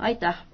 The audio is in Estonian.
aitäh!